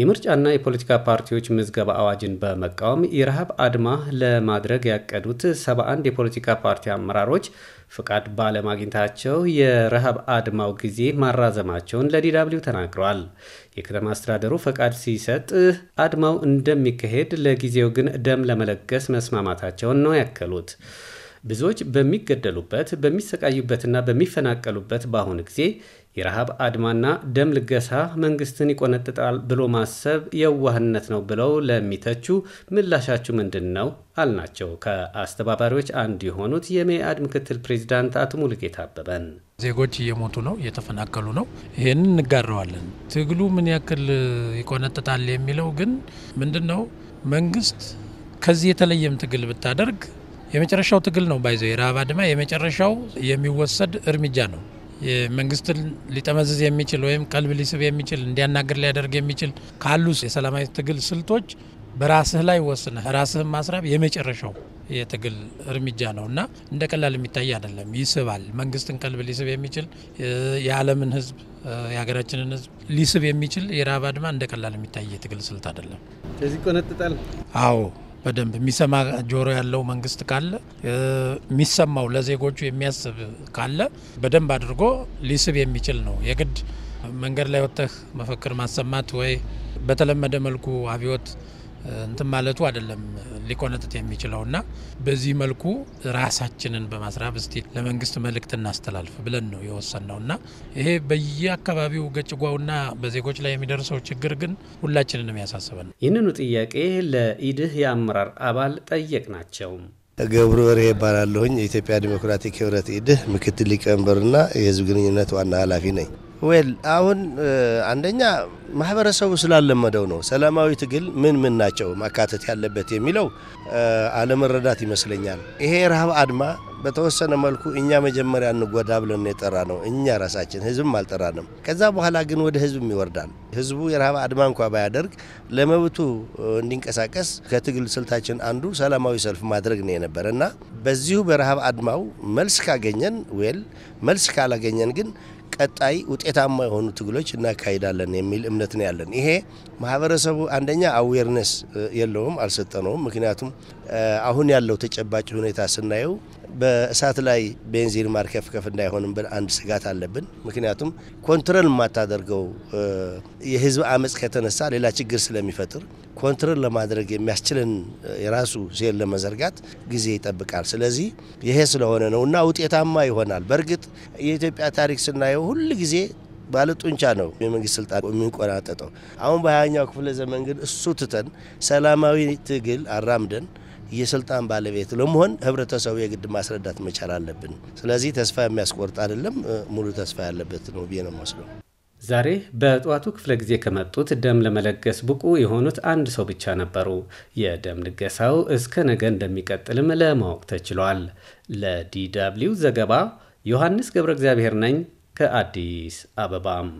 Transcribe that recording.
የምርጫና የፖለቲካ ፓርቲዎች ምዝገባ አዋጅን በመቃወም የረሃብ አድማ ለማድረግ ያቀዱት 71 የፖለቲካ ፓርቲ አመራሮች ፍቃድ ባለማግኘታቸው የረሃብ አድማው ጊዜ ማራዘማቸውን ለዲዳብሊው ተናግረዋል። የከተማ አስተዳደሩ ፈቃድ ሲሰጥ አድማው እንደሚካሄድ፣ ለጊዜው ግን ደም ለመለገስ መስማማታቸውን ነው ያከሉት። ብዙዎች በሚገደሉበት በሚሰቃዩበትና በሚፈናቀሉበት በአሁኑ ጊዜ የረሃብ አድማና ደም ልገሳ መንግስትን ይቆነጥጣል ብሎ ማሰብ የዋህነት ነው ብለው ለሚተቹ ምላሻችሁ ምንድን ነው አልናቸው። ከአስተባባሪዎች አንዱ የሆኑት የመኢአድ ምክትል ፕሬዚዳንት አቶ ሙሉጌታ አበበን ዜጎች እየሞቱ ነው፣ እየተፈናቀሉ ነው። ይህን እንጋረዋለን። ትግሉ ምን ያክል ይቆነጥጣል የሚለው ግን ምንድን ነው መንግስት ከዚህ የተለየም ትግል ብታደርግ የመጨረሻው ትግል ነው ባይዘው የረሃብ አድማ የመጨረሻው የሚወሰድ እርምጃ ነው። መንግስትን ሊጠመዝዝ የሚችል ወይም ቀልብ ሊስብ የሚችል እንዲያናግር ሊያደርግ የሚችል ካሉ የሰላማዊ ትግል ስልቶች በራስህ ላይ ወስነህ ራስህን ማስራብ የመጨረሻው የትግል እርምጃ ነው እና እንደ ቀላል የሚታይ አይደለም። ይስባል። መንግስትን ቀልብ ሊስብ የሚችል የዓለምን ህዝብ የሀገራችንን ህዝብ ሊስብ የሚችል የረሃብ አድማ እንደ ቀላል የሚታይ የትግል ስልት አይደለም። ቆነጥጣል። አዎ በደንብ የሚሰማ ጆሮ ያለው መንግስት ካለ የሚሰማው ለዜጎቹ የሚያስብ ካለ በደንብ አድርጎ ሊስብ የሚችል ነው። የግድ መንገድ ላይ ወጥተህ መፈክር ማሰማት ወይ በተለመደ መልኩ አብዮት እንትን ማለቱ አይደለም ሊቆነጥጥ የሚችለው እና በዚህ መልኩ ራሳችንን በማስራብ እስቲ ለመንግስት መልእክት እናስተላልፍ ብለን ነው ነው ና ይሄ በየአካባቢው ና በዜጎች ላይ የሚደርሰው ችግር ግን ሁላችንንም ያሳስበን ይህንኑ ጥያቄ ለኢድህ የአመራር አባል ጠየቅ ናቸው። ገብሩ በርሄ ይባላለሁኝ። የኢትዮጵያ ዲሞክራቲክ ህብረት ኢድህ ምክትል ሊቀመንበርና የህዝብ ግንኙነት ዋና ኃላፊ ነኝ። ዌል አሁን አንደኛ ማህበረሰቡ ስላለመደው ነው። ሰላማዊ ትግል ምን ምን ናቸው ማካተት ያለበት የሚለው አለመረዳት ይመስለኛል። ይሄ ረሃብ አድማ በተወሰነ መልኩ እኛ መጀመሪያ እንጎዳ ብለን የጠራ ነው። እኛ ራሳችን ህዝብም አልጠራንም። ከዛ በኋላ ግን ወደ ህዝብም ይወርዳል። ህዝቡ የረሃብ አድማ እንኳ ባያደርግ ለመብቱ እንዲንቀሳቀስ ከትግል ስልታችን አንዱ ሰላማዊ ሰልፍ ማድረግ ነው የነበረ እና በዚሁ በረሃብ አድማው መልስ ካገኘን ወል መልስ ካላገኘን ግን ቀጣይ ውጤታማ የሆኑ ትግሎች እናካሂዳለን የሚል እምነት ነው ያለን። ይሄ ማህበረሰቡ አንደኛ አዌርነስ የለውም፣ አልሰጠነውም። ምክንያቱም አሁን ያለው ተጨባጭ ሁኔታ ስናየው በእሳት ላይ ቤንዚን ማርከፍከፍ ብል አንድ ስጋት አለብን። ምክንያቱም ኮንትሮል የማታደርገው የህዝብ አመፅ ከተነሳ ሌላ ችግር ስለሚፈጥር ኮንትሮል ለማድረግ የሚያስችልን የራሱ ሴል ለመዘርጋት ጊዜ ይጠብቃል። ስለዚህ ይሄ ስለሆነ ነው እና ውጤታማ ይሆናል። በእርግጥ የኢትዮጵያ ታሪክ ስናየው ሁል ጊዜ ባለ ጡንቻ ነው የመንግስት ስልጣን የሚንቆናጠጠው። አሁን በሀያኛው ክፍለ ዘመን ግን እሱ ትተን ሰላማዊ ትግል አራምደን የስልጣን ባለቤት ለመሆን ህብረተሰቡ የግድ ማስረዳት መቻል አለብን። ስለዚህ ተስፋ የሚያስቆርጥ አይደለም፣ ሙሉ ተስፋ ያለበት ነው ብዬ ነው የምወስደው። ዛሬ በጠዋቱ ክፍለ ጊዜ ከመጡት ደም ለመለገስ ብቁ የሆኑት አንድ ሰው ብቻ ነበሩ። የደም ልገሳው እስከ ነገ እንደሚቀጥልም ለማወቅ ተችሏል። ለዲ ደብልዩ ዘገባ ዮሐንስ ገብረ እግዚአብሔር ነኝ ከአዲስ አበባም